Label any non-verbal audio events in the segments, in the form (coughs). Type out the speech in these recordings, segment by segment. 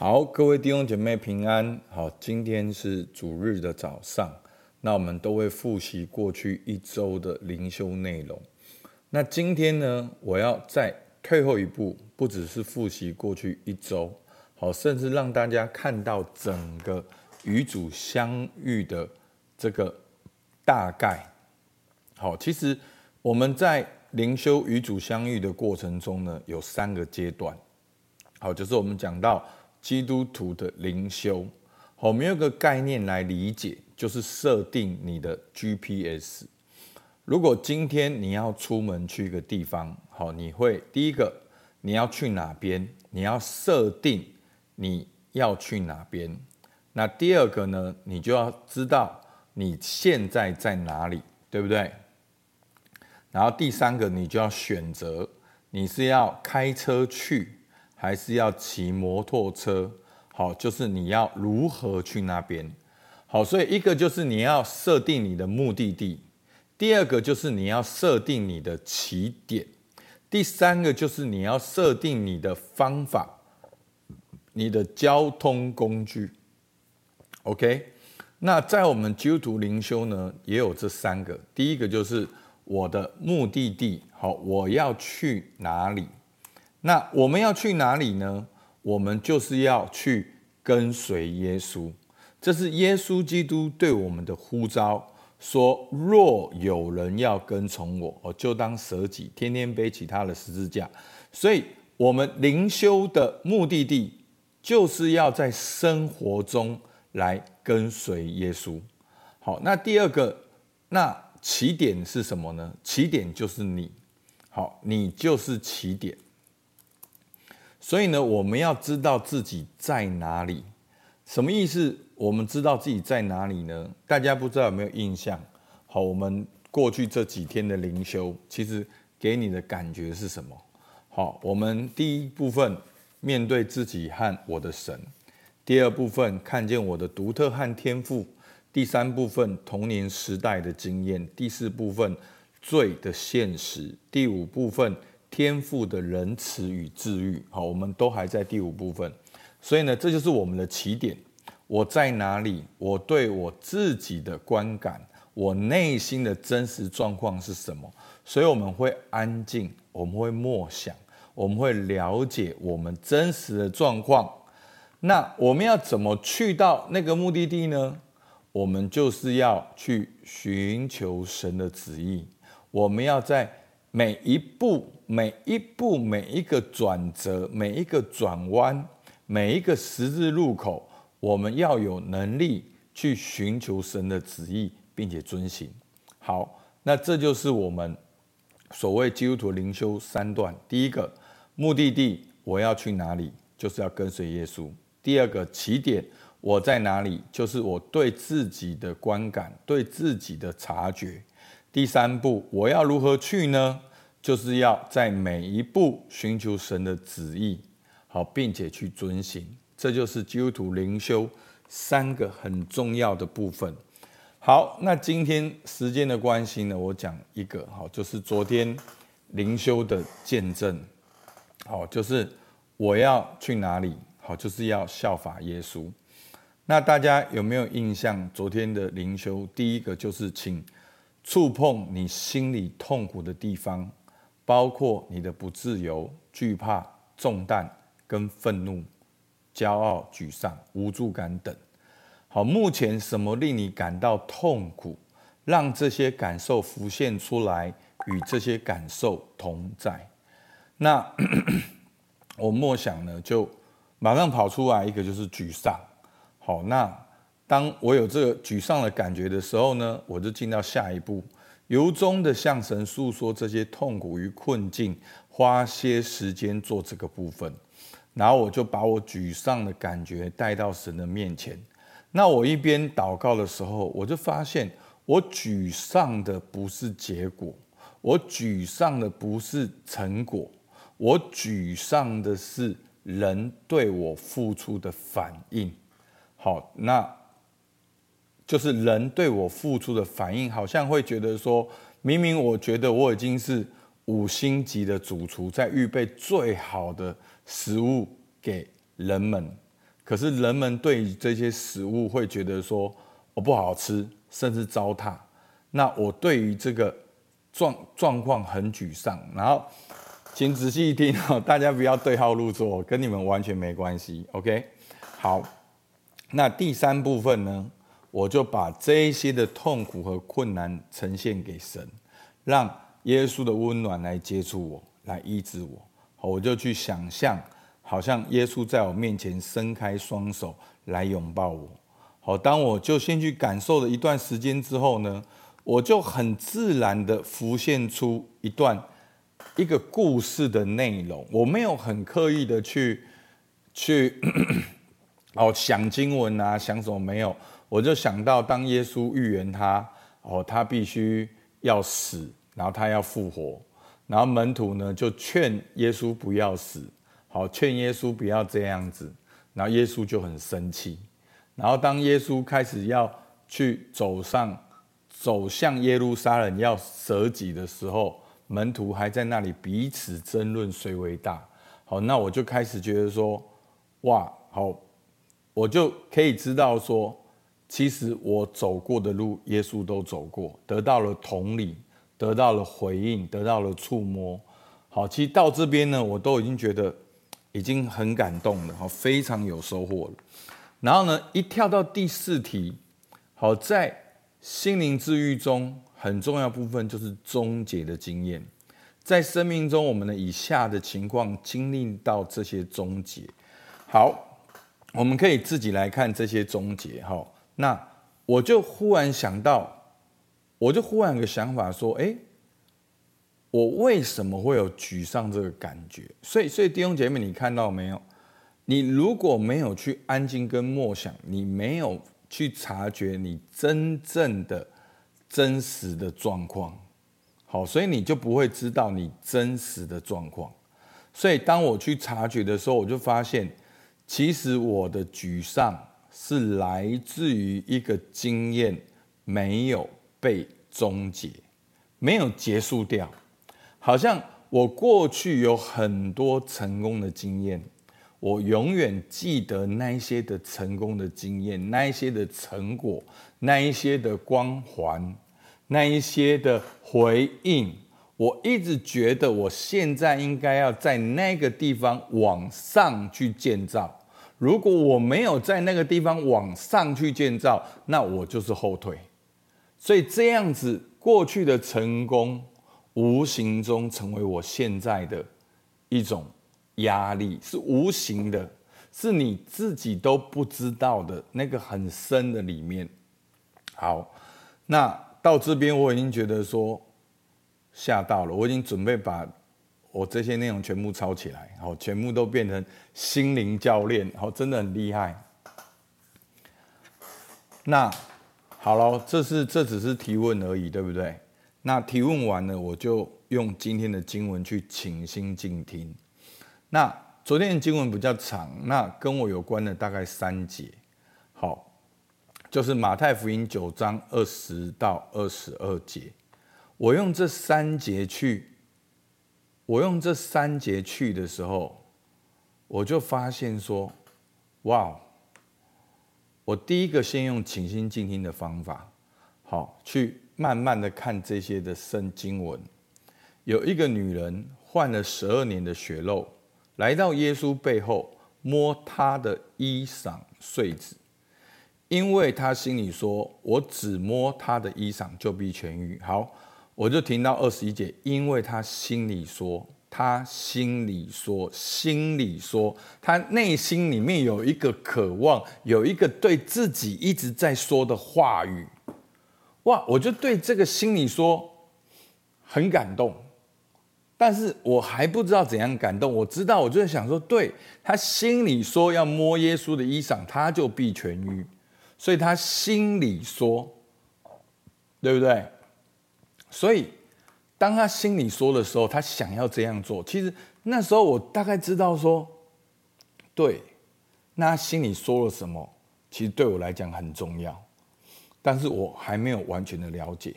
好，各位弟兄姐妹平安。好，今天是主日的早上，那我們都會複習過去一周的靈修內容。那今天呢，我要再退後一步，不只是複習過去一周，好，甚至讓大家看到整個與主相遇的這個大概。好，其實我們在靈修與主相遇的過程中呢，有三個階段。好，就是我們講到。基督徒的靈修，我們有一個概念來理解，就是設定你的 GPS。如果今天你要出門去一個地方，好，你會第一個你要去哪邊？你要設定你要去哪邊。那第二個呢？你就要知道你現在在哪裡，對不對？然後第三個，你就要選擇你是要開車去。還是要騎摩托車，好，就是你要如何去那邊，好，所以一個就是你要設定你的目的地，第二個就是你要設定你的起點，第三個就是你要設定你的方法，你的交通工具。OK，那在我們基督徒靈修呢，也有這三個，第一個就是我的目的地，好，我要去哪裡？那我們要去哪裡呢？我們就是要去跟隨耶穌，這是耶穌基督對我們的呼召。說：若有人要跟從我，我就當捨己，天天背起他的十字架。所以，我們靈修的目的地就是要在生活中來跟隨耶穌。好，那第二個，那起點是什麼呢？起點就是你。好，你就是起點。所以呢，我們要知道自己在哪裡。什麼意思？我們知道自己在哪裡呢？大家不知道有沒有印象？好，我們過去這幾天的靈修，其實給你的感覺是什麼？好，我們第一部分面對自己和我的神；第二部分看見我的獨特和天賦；第三部分童年時代的經驗；第四部分罪的現實；第五部分。天父的仁慈與治癒，好，我們都還在第五部分，所以呢，這就是我們的起點。我在哪裡？我對我自己的觀感，我內心的真實狀況是什麼？所以我們會安靜，我們會默想，我們會了解我們真實的狀況。那我們要怎麼去到那個目的地呢？我們就是要去尋求神的旨意。我們要在。每一步，每一步，每一個轉折，每一個轉彎，每一個十字路口，我們要有能力去尋求神的旨意，並且遵行。好，那這就是我們所謂基督徒靈修三段：第一個目的地，我要去哪裡，就是要跟隨耶穌；第二個起點，我在哪裡，就是我對自己的觀感，對自己的察覺。第三步，我要如何去呢？就是要在每一步尋求神的旨意，好，並且去遵行。這就是基督徒靈修三個很重要的部分。好，那今天時間的關係呢，我講一個，好，就是昨天靈修的見證。好，就是我要去哪裡？好，就是要效法耶穌。那大家有沒有印象？昨天的靈修第一個就是請。觸碰你心裡痛苦的地方，包括你的不自由、懼怕、重擔跟憤怒、驕傲、沮喪、無助感等。好，目前什麼令你感到痛苦？讓這些感受浮現出來，與這些感受同在。那 (coughs) 我默想呢，就馬上跑出來一個，就是沮喪。好，那。當我有這個沮喪的感覺的時候呢，我就進到下一步，由衷的向神訴說這些痛苦與困境，花些時間做這個部分，然後我就把我沮喪的感覺帶到神的面前。那我一邊禱告的時候，我就發現我沮喪的不是結果，我沮喪的不是成果，我沮喪的是人對我付出的反應。好，那就是人對我付出的反應，好像會覺得說，明明我覺得我已經是五星級的主廚，在預備最好的食物給人們，可是人們對於這些食物會覺得說，我，哦，不好吃，甚至糟蹋。那我對於這個狀狀況很沮喪。然後，請仔細聽哦，大家不要對號入座，跟你們完全沒關係。OK，好，那第三部分呢？我就把這一些的痛苦和困難呈現給神，讓耶穌的溫暖來接觸我，來醫治我。好，我就去想象，好像耶穌在我面前伸開雙手來擁抱我。好，當我就先去感受了一段時間之後呢，我就很自然的浮現出一段一個故事的內容。我沒有很刻意的去去哦 (coughs) 想經文啊，想什麼沒有。我就想到，當耶穌預言他，哦，他必須要死，然後他要復活，然後門徒呢就勸耶穌不要死，好，勸耶穌不要這樣子，然後耶穌就很生氣，然後當耶穌開始要去走上走向耶路撒冷要捨己的時候，門徒還在那裡彼此爭論誰為大，好，那我就開始覺得說，哇，好，我就可以知道說。其實我走過的路，耶穌都走過，得到了同理，得到了回應，得到了觸摸。好，其實到這邊呢，我都已經覺得已經很感動了，好，非常有收穫了。然後呢，一跳到第四題，好，在心靈治癒中很重要部分就是終結的經驗。在生命中，我們的以下的情況經歷到這些終結。好，我們可以自己來看這些終結，哈。那我就忽然想到，我就忽然有個想法說：欸，我為什麼會有沮喪這個感覺？所以，所以弟兄姐妹，你看到沒有？你如果沒有去安靜跟默想，你沒有去察覺你真正的、真實的狀況。好，所以你就不會知道你真實的狀況。所以，當我去察覺的時候，我就發現，其實我的沮喪，是來自於一個經驗沒有被終結，沒有結束掉。好像我過去有很多成功的經驗，我永遠記得那些的成功的經驗，那一些的成果，那一些的光環，那一些的回應。我一直覺得我現在應該要在那個地方往上去建造。如果我沒有在那個地方往上去建造，那我就是後退。所以這樣子過去的成功，無形中成為我現在的一種壓力，是無形的，是你自己都不知道的那個很深的裡面。好，那到這邊我已經覺得說嚇到了，我已經準備把。我這些內容全部抄起來，好，全部都變成心靈教練，好，真的很厲害。那好了，這是，這只是提問而已，對不對？那提問完了，我就用今天的經文去傾心靜聽。那昨天的經文比較長，那跟我有關的大概三節，好，就是馬太福音九章二十到二十二節，我用這三節去。我用這三節去的時候，我就發現說，哇！我第一個先用傾心靜聽的方法，好，去慢慢的看這些的聖經文。有一個女人患了十二年的血漏，來到耶穌背後摸他的衣裳繸子，因為她心裡說：我只摸他的衣裳，就必痊愈。好。我就聽到二十一節，因為他心裡說，他心裡說，心裡說，他內心裡面有一個渴望，有一個對自己一直在說的話語，哇！我就對這個心裡說很感動，但是我還不知道怎樣感動。我知道，我就想說，對他心裡說要摸耶穌的衣裳，他就必痊癒，所以他心裡說，對不對？所以，當他心裡說的時候，他想要這樣做。其實那時候我大概知道說，對，那他心裡說了什麼，其實對我來講很重要，但是我還沒有完全的了解。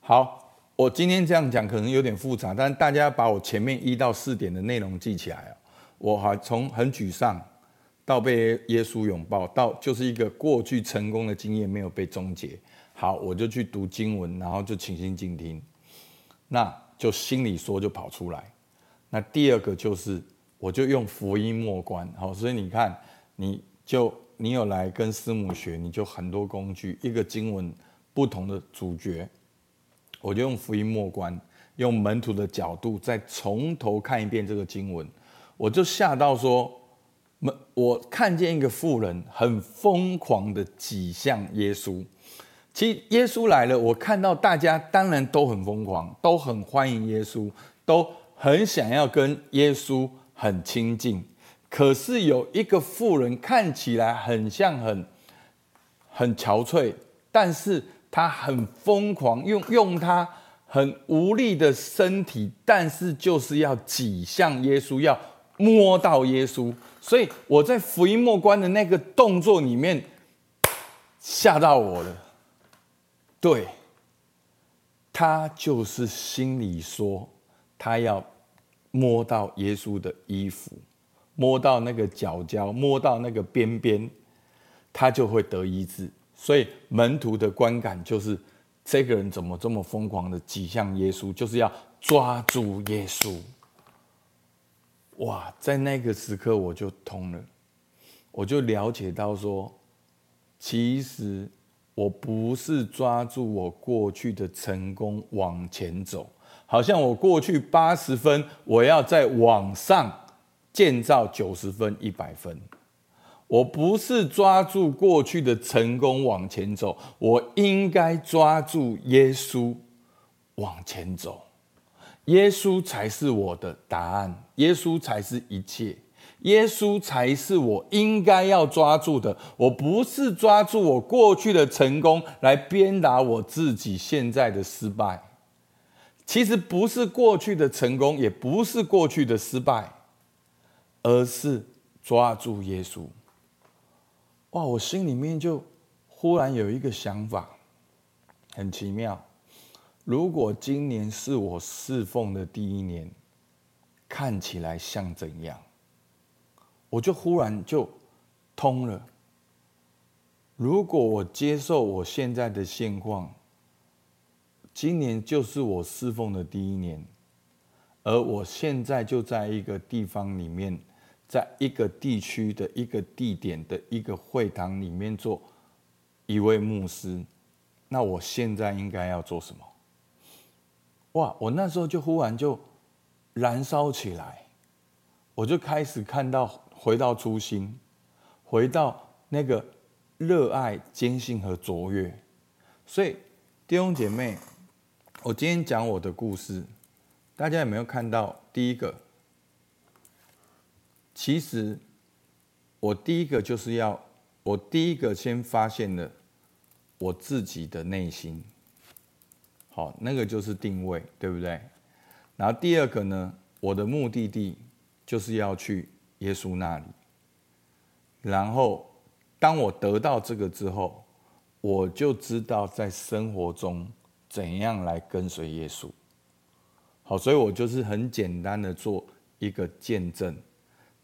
好，我今天這樣講可能有點複雜，但大家把我前面一到四點的內容記起來，我還從很沮喪，到被耶穌擁抱，到就是一個過去成功的經驗沒有被終結。好，我就去讀經文，然後就傾心靜聽，那就心裡說就跑出來。那第二個就是，我就用福音默觀。好，所以你看，你就你有來跟師母學，你就很多工具。一個經文不同的主角，我就用福音默觀，用門徒的角度再從頭看一遍這個經文，我就嚇到說，門我看見一個婦人很瘋狂的擠向耶穌。其實耶穌來了，我看到大家當然都很瘋狂，都很歡迎耶穌，都很想要跟耶穌很親近。可是有一個婦人看起來很像很很憔悴，但是他很瘋狂，用用他很無力的身體，但是就是要擠向耶穌，要摸到耶穌。所以我在福音默觀的那個動作裡面嚇到我了。對他就是心裡說，他要摸到耶穌的衣服，摸到那個角角，摸到那個邊邊，他就會得醫治。所以門徒的觀感就是，這個人怎麼這麼瘋狂的擠向耶穌，就是要抓住耶穌。哇，在那個時刻我就通了，我就了解到說，其實。我不是抓住我過去的成功往前走，好像我過去八十分，我要再往上建造九十分、一百分。我不是抓住過去的成功往前走，我應該抓住耶穌往前走。耶穌才是我的答案，耶穌才是一切。耶穌才是我應該要抓住的。我不是抓住我過去的成功來鞭打我自己現在的失敗。其實不是過去的成功，也不是過去的失敗，而是抓住耶穌。哇！我心裡面就忽然有一個想法，很奇妙。如果今年是我侍奉的第一年，看起來像怎樣？我就忽然就通了。如果我接受我現在的現況，今年就是我侍奉的第一年，而我現在就在一個地方裡面，在一個地區的一個地點的一個會堂裡面做一位牧師，那我現在應該要做什麼？哇！我那時候就忽然就燃燒起來，我就開始看到。回到初心，回到那個熱愛、堅信和卓越。所以弟兄姐妹，我今天講我的故事，大家有沒有看到？第一個，其實我第一個就是要，我第一個先發現了我自己的內心。好，那個就是定位，對不對？然後第二個呢，我的目的地就是要去。耶穌那裡，然後當我得到這個之後，我就知道在生活中怎樣來跟隨耶穌。好，所以我就是很簡單的做一個見證。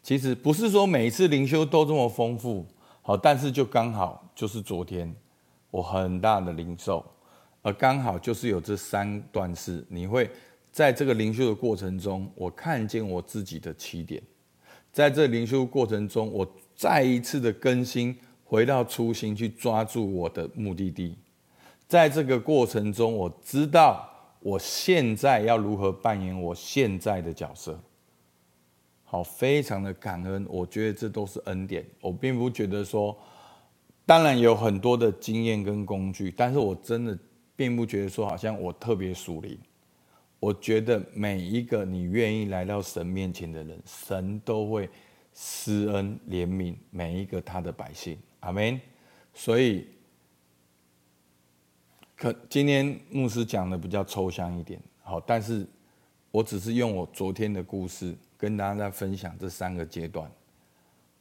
其實不是說每一次靈修都這麼豐富，好，但是就剛好就是昨天我很大的領受，而剛好就是有這三段事，你會在這個靈修的過程中，我看見我自己的起點。在這靈修過程中，我再一次的更新，回到初心，去抓住我的目的地。在這個過程中，我知道我現在要如何扮演我現在的角色。好，非常的感恩，我覺得這都是恩典。我並不覺得說，當然有很多的經驗跟工具，但是我真的並不覺得說，好像我特別熟練。我覺得每一個你願意來到神面前的人，神都會施恩憐憫每一個他的百姓。阿門。所以，可今天牧師講的比較抽象一點，好，但是我只是用我昨天的故事跟大家在分享這三個階段。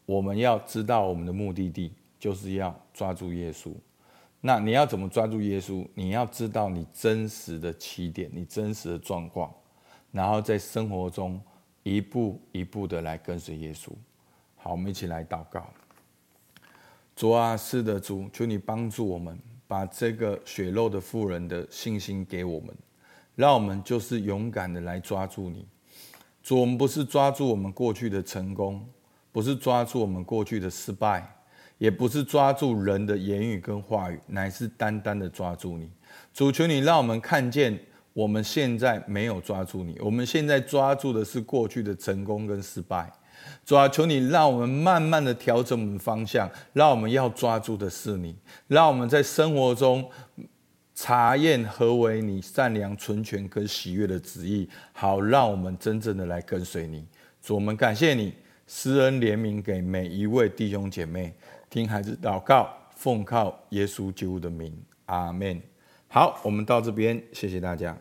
我們要知道我們的目的地，就是要抓住耶穌。那你要怎麼抓住耶穌？你要知道你真實的起點，你真實的狀況，然後在生活中一步一步的來跟隨耶穌。好，我們一起來禱告。主啊，是的，主，求你幫助我們，把這個血漏的婦人的信心給我們，讓我們就是勇敢的來抓住你。主，我們不是抓住我們過去的成功，不是抓住我們過去的失敗。也不是抓住人的言語跟話語，乃是單單的抓住你。主，求你讓我們看見，我們現在沒有抓住你，我們現在抓住的是過去的成功跟失敗。主啊，求你讓我們慢慢的調整我們方向，讓我們要抓住的是你，讓我們在生活中查驗何為你善良、純全跟喜悅的旨意。好，讓我們真正的來跟隨你。主，我們感謝你，施恩憐憫給每一位弟兄姐妹。聽孩子禱告，奉靠耶穌基督的名，阿門。好，我們到這邊，謝謝大家。